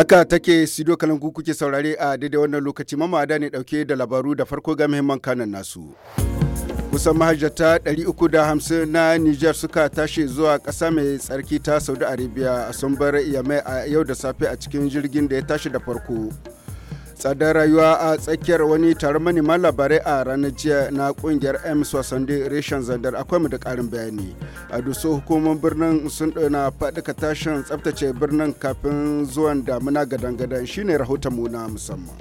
Haka take Sido Kalangu kuke saurare a daidai wannan lokaci mamada ne dauke da labaru da farko ga muhimman kanan nasu. kusan mahajjata 350 na Nijar suka tashi zuwa kasa mai tsarki ta Saudi Arabia a sun bar Yamai a yau da safe a cikin jirgin da ya tashi da farko. tsadar rayuwa a tsakiyar wani taron manema labarai a ranar jiya na kungiyar m sunday reshen zandar akwai mu da karin bayani a dusu hukumar birnin sun na faɗika tashin tsabtace birnin kafin zuwan damuna gadan-gadan shine rahoton mu na musamman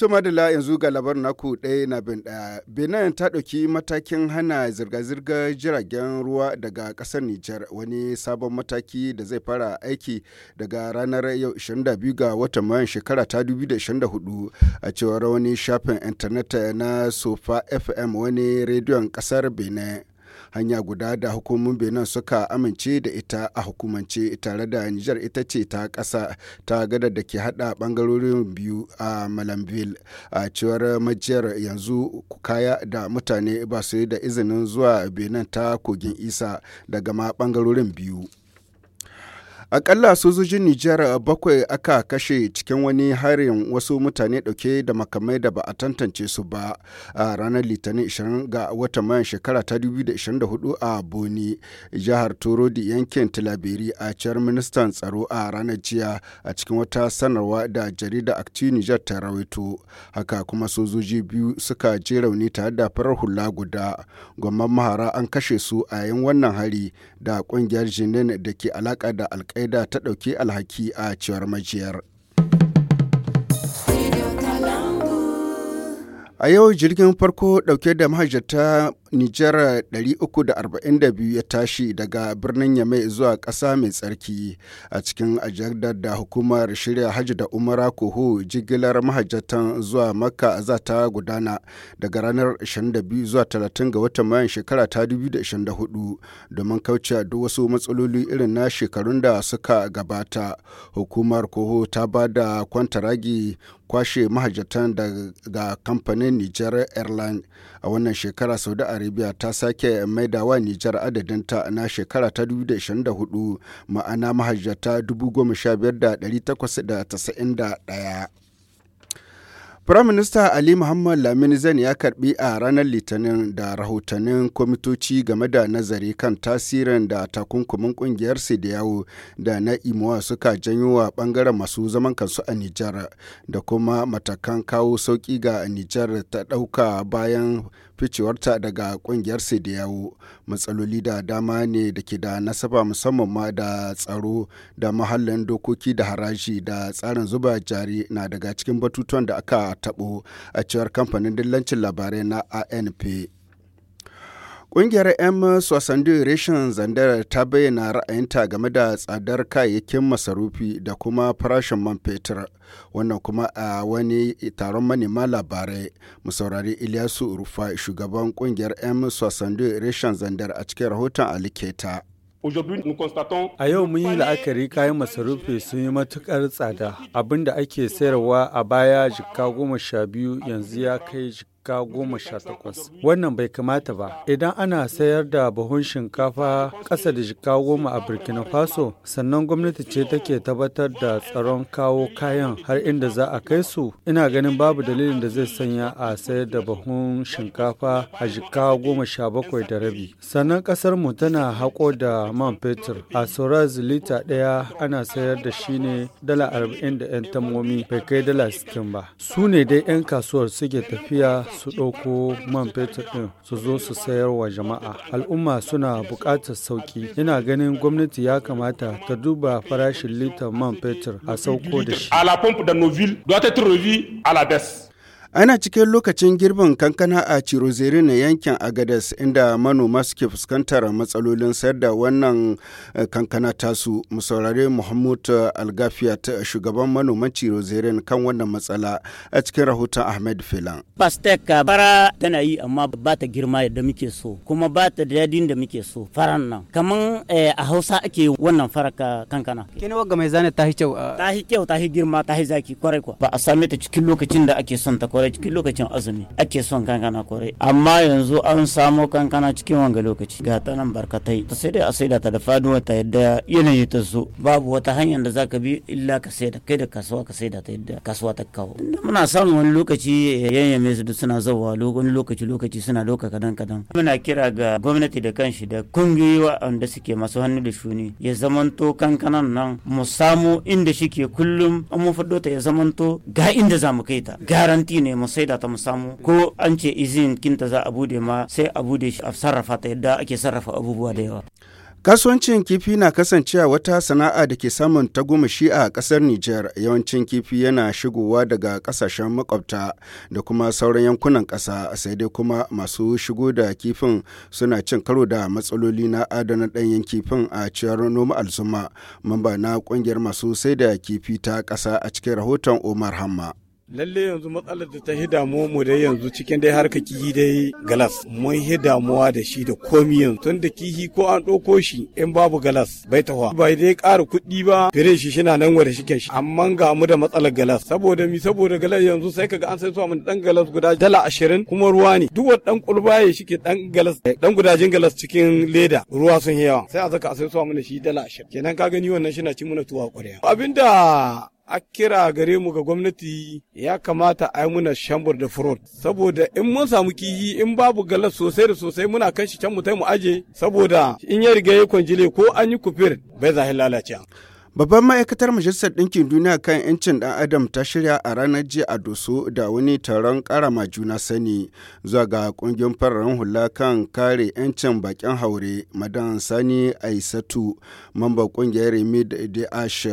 To madala yanzu ga labar naku ɗaya na bin ɗaya. Benin ta ɗauki matakin hana zirga-zirga jiragen ruwa daga ƙasar Nijar wani sabon mataki da zai fara aiki daga ranar yau 22 ga watan Mayan shekara ta 2024 a cewar wani shafin intanet na Sofa FM wani rediyon ƙasar Benin. hanya guda da hukumomin benin suka amince da ita a hukumance tare da nijar ita ce ta ƙasa ta gada da ke hada bangarorin biyu a malamville a cewar majiyar yanzu kaya da mutane ba su da izinin zuwa benin ta kogin isa daga ma bangarorin biyu Akalla sojojin Nijar bakwai aka kashe cikin wani harin wasu mutane dauke da makamai da ba a tantance su ba a ranar Litinin 20 ga watan mayan shekara ta 2024 a Boni, jihar Torodi yankin tilabiri a ciyar ministan tsaro a ranar jiya a cikin wata sanarwa da jarida Akti Nijar ta rawaito. Haka kuma sojoji biyu suka je rauni tare da farar hula guda. Gwamnan mahara an kashe su a yin wannan hari da ƙungiyar Jinin da ke alaka da alkai alkaida ta ɗauki alhaki a cewar majiyar. A yau jirgin farko dauke da mahajjata Nijar 342 ya tashi daga birnin Yamai zuwa ƙasa mai tsarki a cikin ajiyar da hukumar shirya hajji da umara kohu jigilar mahajjatan zuwa Makka za ta gudana daga ranar 22 zuwa 30 ga watan mayan shekara ta 2024 domin kauce duk wasu matsaloli irin na shekarun da suka gabata. Hukumar kohu ta ba da kwantaragi kwashe mahajjatan daga kamfanin Niger Airlines a wannan shekara Saudi Arabia ta sake maidawa Niger adadinta na shekara ta 2024 ma'ana mahajjata 15,891. Firaminista Ali Muhammad lamini Zain ya karbi a ranar Litinin da rahotannin kwamitoci game da nazari kan tasirin da takunkumin kungiyar yawo da na Imuwa suka janyo wa bangaren masu zaman kansu a Nijar da kuma matakan kawo sauki ga Nijar ta ɗauka bayan ficewarta daga kungiyar yawo Matsaloli da dama ne da ke da nasaba musamman ma da tsaro da mahallin dokoki da haraji da tsarin zuba jari na daga cikin batutuwan da aka tabo a cewar kamfanin dillancin labarai na anp Ƙungiyar M. Swasandu Reshen Zandar ta bayyana ra'ayinta game da tsadar kayayyakin masarufi da kuma farashin man fetur, wannan kuma a wani taron manema labarai. Mu saurari Ilyasu Rufa, shugaban ƙungiyar M. Swasandu Reshen Zandar a cikin rahoton Aliketa. A yau mun yi la'akari kayan masarufi sun yi matukar tsada abinda ake sayarwa a baya jika goma sha biyu yanzu ya kai jika shinkafa goma sha takwas wannan bai kamata ba idan ana sayar da buhun shinkafa ƙasa da shika goma a burkina faso sannan gwamnati ce take tabbatar da tsaron kawo kayan har inda za a kai su ina ganin babu dalilin da zai sanya a sayar da buhun shinkafa a shika goma sha bakwai da rabi sannan ƙasar mu tana haƙo da man fetur a soraz lita ɗaya ana sayar da shi ne dala arba'in da 'yan tamomi bai kai dala sittin ba su ne dai 'yan kasuwar suke tafiya su ɗauko man fetur ɗin su zo su sayar wa jama'a al'umma suna buƙatar sauƙi ina ganin gwamnati ya kamata ta duba farashin litar man fetur a sauko da shi da Ana cikin lokacin girbin kankana a Cirozeri na yankin Agadas inda manoma suke fuskantar matsalolin sayar da wannan eh, kankana tasu. Musaurare Muhammad eh, Algafiya ta eh, shugaban manoman Cirozeri kan wannan matsala a cikin rahoton Ahmed Filan. Pastek bara tana yi amma ba ta girma yadda muke so kuma ba ta dadin da muke so faran nan. Kaman a Hausa ake wannan faraka kankana. Kini wagga mai zane ta kyau. Ta kyau ta girma ta zaki kwarai kwa. Ba a same ta cikin lokacin da ake son ta kwarai cikin lokacin azumi ake son kankana kwarai amma yanzu an samo kankana cikin wanga lokaci ga ta barkatai ta sai dai a saida ta da faduwa ta yadda yanayi ta zo babu wata hanyar da zaka bi illa ka saida kai da kasuwa ka saida ta yadda kasuwa ta kawo muna samun wani lokaci eh, yayyame su suna zawa wani lokaci lokaci suna doka kadan kadan muna kira ga gwamnati da kanshi da kungiyoyi wanda suke masu hannu da shuni ya zamanto kankanan nan mu samu inda shike kullum an mu fado ta ya zamanto ga inda zamu kai ta garanti ne ne mu da ta samu ko an ce izin kinta za a bude ma sai a bude shi a sarrafa ta yadda ake sarrafa abubuwa da yawa Kasuwancin kifi na kasancewa wata sana'a da ke samun tagomashi a ƙasar Nijar yawancin kifi yana shigowa daga kasashen makwabta da kuma sauran yankunan ƙasa sai dai kuma masu shigo da kifin suna cin karo da matsaloli na adana ɗanyen kifin a ciyar noma alzuma mamba na ƙungiyar masu sai da kifi ta kasa a cikin rahoton Omar Hamma. lalle yanzu matsalar da ta hidamu mu dai yanzu cikin dai harka kihi dai galas mun damuwa da shi da komi yanzu tun da kihi ko an ɗauko shi in babu galas bai tawa bai dai ƙara kuɗi ba fire shi shina nan wa da shike shi amma ga mu da matsalar galas saboda mi saboda galas yanzu sai kaga an sai su mun dan galas guda dala ashirin kuma ruwa ne duk wani dan shi shike dan galas dan eh, gudajin galas cikin leda ruwa sun yawa sai a zaka a sai su mun shi dala ashirin kenan ka gani wannan shi na ci muna tuwa ƙwarya abinda a kira gare mu ga gwamnati ya kamata a yi muna shambur da furot saboda in mun samu kihi in babu galas sosai da sosai muna kan shi can mu mu aje saboda in ya riga ya kwanjile ko an yi kufir bai zahi lalace Babban ma'aikatar Majalisar Ɗinkin Duniya kan 'yancin ɗan Adam ta shirya a ranar jiya a Doso da wani taron ƙarama juna sani zuwa ga ƙungiyar fararen hula kan kare 'yancin baƙin haure Madan Sani Aisatu, mamban ƙungiyar Remid Dash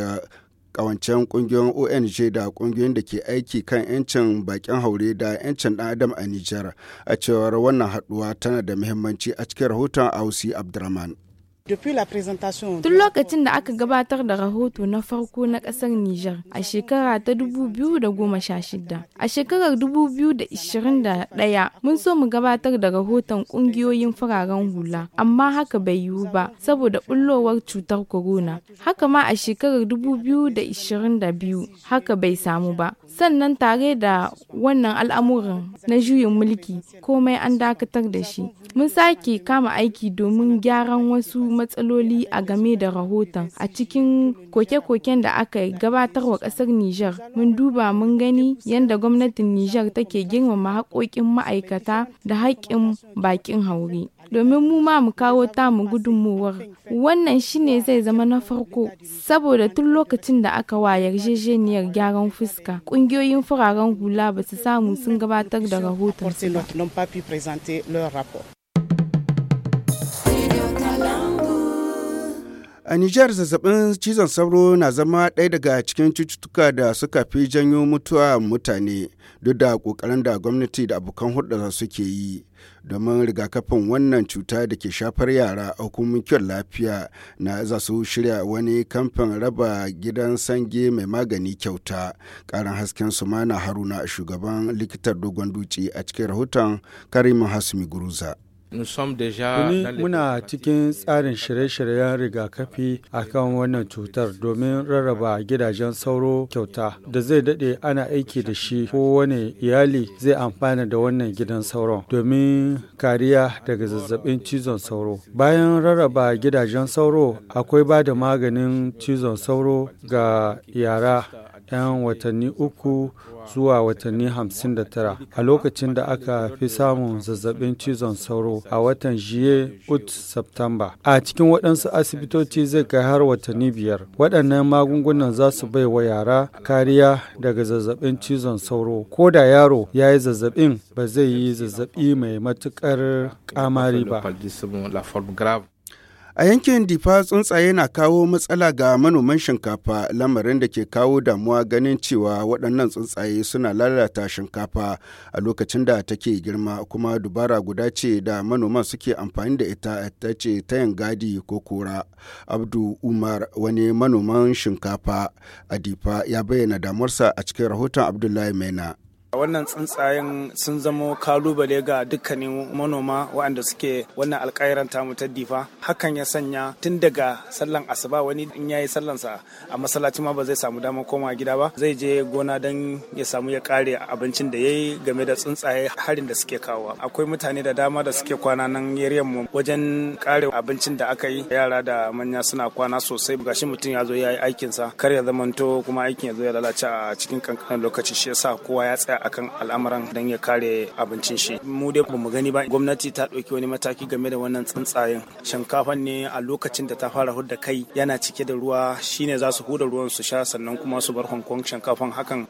kawancen kungiyoyin ong da kungiyoyin da ke aiki kan 'yancin bakin haure da 'yancin dan adam a nijar a cewar wannan haduwa tana da muhimmanci a cikin rahoton ausi abdurrahman Tun lokacin da aka gabatar da rahoto na farko na ƙasar Nijar a shekara ta 2016. A shekarar 2021 mun so mu gabatar da rahoton ƙungiyoyin fararen hula, amma haka bai yiwu ba saboda bullowar cutar corona. Haka ma a shekarar 2022 haka bai samu ba. Sannan tare da wannan al'amuran na juyin mulki komai an dakatar da shi. Mun sake kama aiki domin gyaran wasu matsaloli a game da rahoton. A cikin koke-koken da aka gabatarwa ƙasar Nijar, mun duba mun gani yadda gwamnatin Nijar take girmama haƙoƙin ma'aikata da haƙƙin bakin haure. domin mu ma mu kawo tamu gudunmuwar wannan shine zai zama na farko saboda tun lokacin da aka wa yarjejeniyar gyaran fuska ƙungiyoyin fararen hula ba su samu sun gabatar da rahoton A Nijar zazzabin cizon sauro na zama ɗaya daga cikin cututtuka da suka fi janyo mutuwa mutane duk da ƙoƙarin da gwamnati da abokan hulɗarsa suke yi. Domin rigakafin wannan cuta da ke shafar yara a hukumin kyon lafiya na za su shirya wani kamfan raba gidan sange mai magani kyauta. Ƙarin hasken su mana haruna shugaban likitar dogon dutse a cikin rahoton Karimin Hasumi Guruza. Tuni muna cikin tsarin shirye-shiryen rigakafi a kan wannan cutar domin rarraba gidajen sauro kyauta da zai daɗe ana aiki da shi ko wani iyali zai amfana da wannan gidan sauron domin kariya daga zazzabin cizon sauro. Bayan rarraba gidajen sauro akwai ba da maganin cizon sauro ga yara 'yan watanni uku zuwa watanni hamsin da tara a lokacin da aka fi samun zazzabin cizon sauro a watan jiye ut septemba A cikin waɗansu asibitoci zai kai har watanni biyar. Waɗannan magungunan za su bai wa yara kariya daga zazzabin cizon sauro. Ko da yaro ya yi zazzabin ba zai yi zazzabi mai matuƙar ƙamari ba. A yankin Difa tsuntsaye na kawo matsala ga manoman shinkafa lamarin da ke kawo damuwa ganin cewa waɗannan tsuntsaye suna lalata shinkafa a lokacin da take girma kuma dubara guda ce da manoman suke amfani da ita ta ce tayin gadi ko kora. Abdu Umar wani manoman shinkafa a Difa ya bayyana damuwarsa a cikin rahoton Abdullahi Maina. A wannan tsuntsayen sun zamo kalubale ga dukkanin manoma waɗanda suke wannan alƙairan tamu ta difa hakan ya sanya tun daga sallan asuba wani in ya yayi sallansa a masallaci ma ba zai samu damar koma gida ba zai je gona don ya samu ya kare abincin da yayi game da tsuntsaye harin da suke kawo akwai mutane da dama da suke kwana nan yaryan mu wajen kare abincin da aka yi yara da manya suna kwana sosai gashi mutum ya zo ya yi aikinsa kar ya zamanto kuma aikin ya zo ya lalace a cikin kankanin lokaci shi yasa kowa ya tsaya akan al'amuran don ya kare abincin shi mu dai mu gani ba gwamnati ta ɗauki wani mataki game da wannan tsuntsayen shinkafan ne a lokacin da ta fara hudda kai yana cike da ruwa shine za su huda ruwan su sha sannan kuma su bar hong shinkafan hakan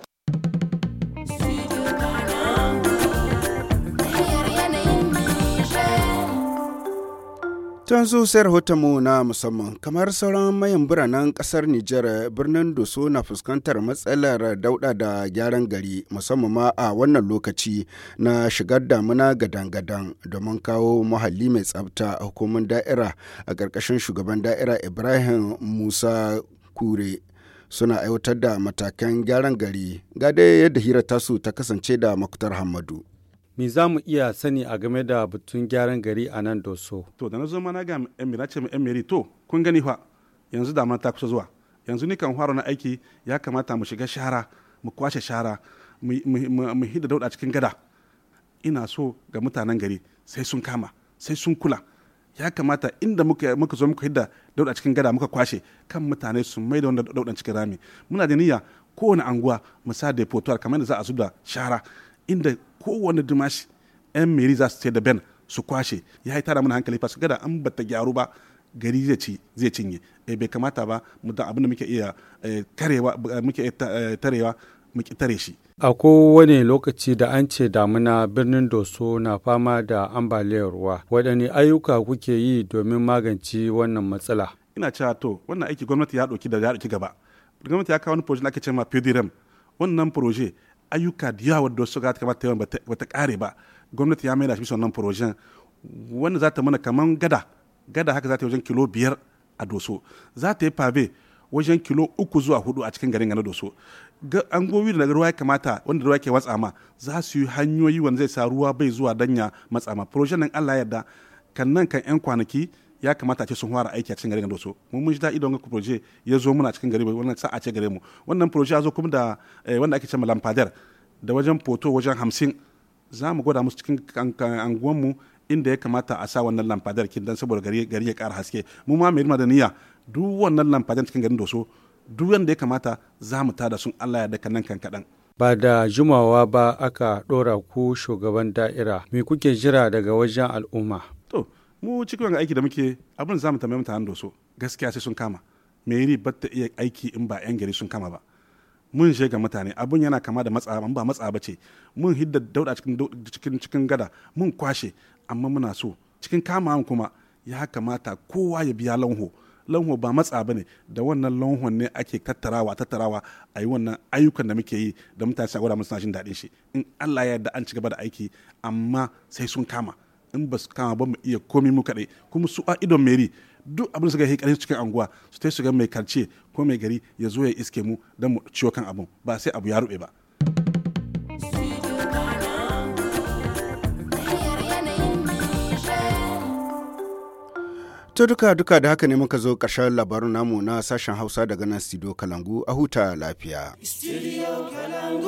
Tun rahoton mu na musamman kamar sauran mayan biranen kasar Nijar birnin Doso na fuskantar matsalar dauda da gyaran gari musamman ma a wannan lokaci na shigar damuna gadan-gadan domin kawo muhalli mai tsabta a hukumar da'ira a ƙarƙashin shugaban da'ira Ibrahim Musa Kure. Suna aiwatar da matakan gyaran gari ga dai yadda hira tasu ta kasance da Muktar Hamadu. Me za mu iya sani a game da batun gyaran gari a nan doso? To da na zo mana ga emira ce mai emiri to kun gani fa yanzu da ta kusa zuwa. Yanzu ni kan fara na aiki ya kamata mu shiga shara mu kwashe shara mu hida dauda cikin gada. Ina so ga mutanen gari sai sun kama sai sun kula. ya kamata inda muka zo muka hidda dauda cikin gada muka kwashe kan mutane su mai da wanda daudan cikin rami muna da niyya kowane anguwa mu sa da kamar da za a zuba shara inda kowane dimashi 'yan meri za su ce da ben su kwashe ya yi tara mana hankali fasu gada an bata gyaru ba gari zai cinye e bai kamata ba mutum abin da muke iya karewa eh, muke eh, tarewa muke tare shi a kowane lokaci da an ce damuna birnin doso na fama da ambaliyar ruwa waɗanne ayyuka kuke yi domin magance wannan matsala ina cewa to wannan aiki gwamnati ya ɗauki da ya ɗauki gaba gwamnati ya kawo wani proje da ake cewa pdrm wannan proje ayyuka da yawa wadda wasu ga kamata yawan bata kare ba gwamnati ya maida shi bisa wannan projen wanda za ta mana kamar gada gada haka za ta yi wajen kilo biyar a doso za ta yi pave wajen kilo uku zuwa hudu a cikin garin na doso gobi da ruwa ya kamata wanda ruwa ke watsa ma za su yi hanyoyi wanda zai sa ruwa bai zuwa danya matsa ma projen nan allah yarda kan nan kan yan kwanaki ya kamata a ce sun fara aiki a cikin garin Doso mun mun ji daɗi don ku proje ya zo muna cikin gari wannan sa a ce gare mu wannan proje ya zo kuma da eh, wanda ake cewa lampader da wajen foto wajen hamsin za mu gwada musu cikin anguwanmu inda ya kamata a sa wannan lampader kin dan saboda gari ya ƙara haske mu ma mai da niyya duk wannan lampader cikin garin Doso duk wanda ya kamata za mu tada sun Allah ya daka nan kan kaɗan. ba da jimawa ba aka ɗora ku shugaban da'ira me kuke jira daga wajen al'umma mu cikin aiki da muke abin da zamu tambaye mutanen da so gaskiya sai sun kama me ni ba ta iya aiki in ba yan gari sun kama ba mun je ga mutane abin yana kama da matsa ba matsa ba ce mun hidda dauda cikin cikin gada mun kwashe amma muna so cikin kama kuma ya kamata kowa ya biya lanho lanho ba matsa ba ne da wannan lanhon ne ake tattarawa tattarawa a yi wannan ayyukan da muke yi da mutane suna gwada mun suna jin daɗin shi in allah ya yarda an ci gaba da aiki amma sai sun kama in ba su kama ba mu iya komi mu kaɗai kuma su a idon meri duk abin suka yi karin cikin anguwa su ta shiga mai karce ko mai gari ya zo ya iske mu don mu ciwo kan abin ba sai abu ya ruɓe ba To duka duka da haka ne muka zo ƙarshen labarin namu na sashen Hausa daga nan Studio Kalangu a huta lafiya. Studio Kalangu.